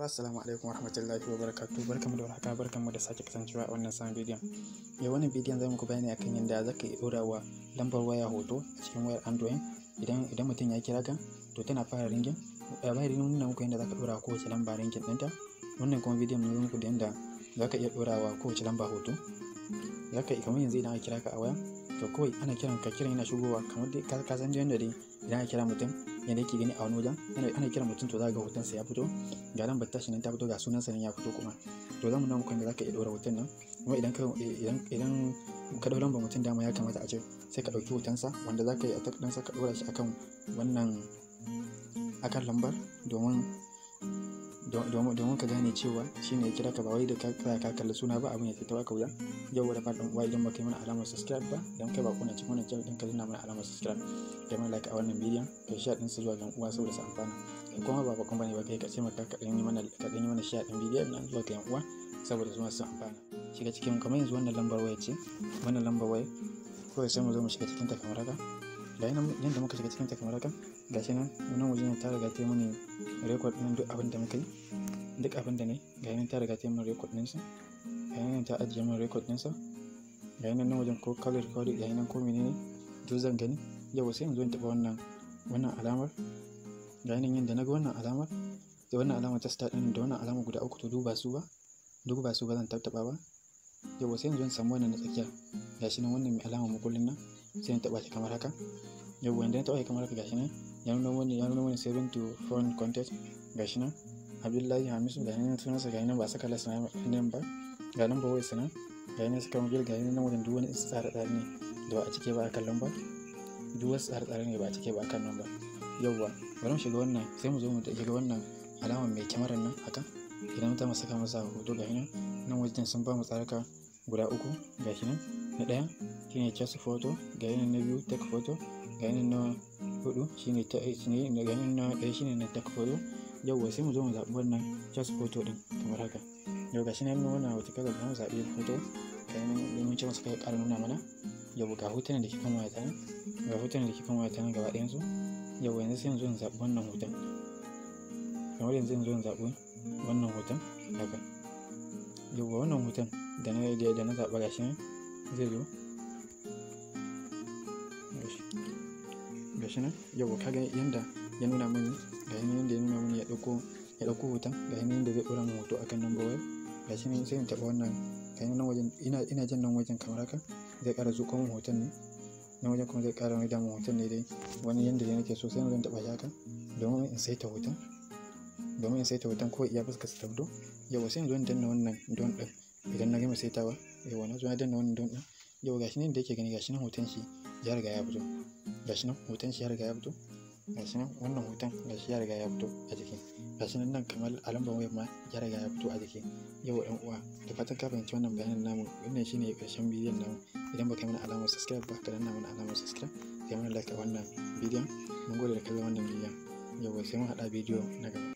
sauraro assalamu alaikum warahmatullahi wabarakatuh barkamu da warhaka barkamu da sake kasancewa a wannan sabon bidiyon yau wannan bidiyon zai muku bayani akan yadda zaka iya ɗora wa lambar waya hoto a cikin wayar android idan idan mutum ya kira ka to tana fara ringin a bayan nuna muku yadda zaka dora kowace lamba ringin ɗinta wannan kuma bidiyon nuna muku da yadda zaka iya ɗora wa kowace lamba hoto zaka iya kamar yanzu idan aka kira ka a waya to kawai ana kiran ka kiran yana shigowa kamar dai ka san yadda dai idan aka kira mutum yadda yake gani a wani wajen yana ana kiran mutum to za ga hotonsa ya fito ga nan batta shi nan ta fito ga sa nan ya fito kuma to za mu nan kwanda za ka iya ɗora hoton nan kuma idan ka idan idan ka ɗau lambar mutum dama ya kamata a ce sai ka dauki ɗauki sa wanda za ka yi a sa ka ɗora shi akan wannan akan lambar domin domin ka gane cewa shi ne kira ka ba wai da ka ka kalli suna ba abin ya fita ba kauya yau wadda fadin uwa idan baka yi mana alamar subscribe ba idan kai ba kuna cikin wannan channel din ka zina mana alamar subscribe da mana like a wannan bidiyon ka share din su zuwa ga uwa saboda su amfana in kuma ba bakon bane ba kai ka ce maka ka dan yi mana ka dan yi mana share din bidiyon nan zuwa ga uwa saboda su masu amfana shiga cikin kamar yanzu wannan lambar waya ce wannan lambar waya kawai sai mu zo mu shiga cikin ta kamar haka ga yanan yadda muka shiga cikin ta ga shi nan nan waje ta riga ta yi mini rekod ɗin duk abin da muka yi duk abin da ne ga yanan ta riga ta yi mini rekod ɗinsa ga yanan ta ajiye min rekod ɗinsa ga yanan nan wajen ko kalar kawai ga yanan ko ne duk zan gani yau sai in zo in taɓa wannan wannan alamar ga yanan yadda na ga wannan alamar da wannan alamar ta star ɗin da wannan alamar guda uku to duba su ba duba su ba zan tattaɓa ba yau sai in in samu wannan na tsakiya ga shi nan wannan mai alamar makullin nan sai na taɓa shi kamar haka yawwa idan na taɓa shi kamar haka gashi nan ya nuna wani ya nuna wani saving to foreign content gashi nan abdullahi hamisu ga nan sunansa ga nan ba saka lasa nan ba ga nan ba wai sana ga nan saka mobile ga nan wajen duk wani tsare tsare ne da ba a cike ba akan lamba duk wasu tsare tsare ne ba a cike ba akan lamba yawwa bari mu shiga wannan sai mu zo mu shiga wannan alama mai kyamarar nan haka idan ta saka masa hoto ga nan nan wajen sun ba mu tsaraka guda uku ga nan na ɗaya shine chest photo ga yanin na biyu tech photo ga yanin na hudu shine ta ne ga yanin na ɗaya shine na take photo yauwa sai mu zo mu zaɓi wannan chest photo din kamar haka yau ga shi na nuna wannan wata kalar mu zaɓi photo ga yanin domin cewa kai ƙara nuna mana yau ga hotunan da ke kan wayata nan ga hotunan da ke kan wayata nan gaba ɗayan su yau yanzu sai yanzu mu zaɓi wannan hoton kamar yanzu yanzu mu zaɓi wannan hoton haka yau wannan hoton da na da na zaɓa shi nan zai zo gashi nan yau ka ga yanda ya nuna mini ga yanda ya nuna mini ya ɗauko ya ɗauko hoton ga yanda zai ɗora min hoto akan number ga shi nan sai in taɓa wannan ga yanayin wajen ina ina jan nan wajen kamar haka zai ƙara zuƙo min hoton ne nan wajen kuma zai ƙara mai damun hoton ne dai wani yanda ya nake so sai zan taɓa shi haka domin in saita hoton domin in saita hoton kawai iya fuskar ta fito yau sai in zo in danna wannan don ɗin idan na gama saitawa yawa na zo na danna wannan don ɗin yau ga shi nan da yake gani ga shi nan hoton shi ya riga ya fito shi nan hoton shi ya riga ya fito shi nan wannan hoton shi ya riga ya fito a jiki shi nan nan kamar alamban wayar ma ya riga ya fito a jiki yau ɗan uwa da fatan ka fahimci wannan bayanin namu wannan shine ƙarshen bidiyon namu idan baka yi mana alamar subscribe ba ka danna mana alamar subscribe ka yi mana like a wannan bidiyon mun gode da kallon wannan bidiyon yau sai mun haɗa bidiyo na gaba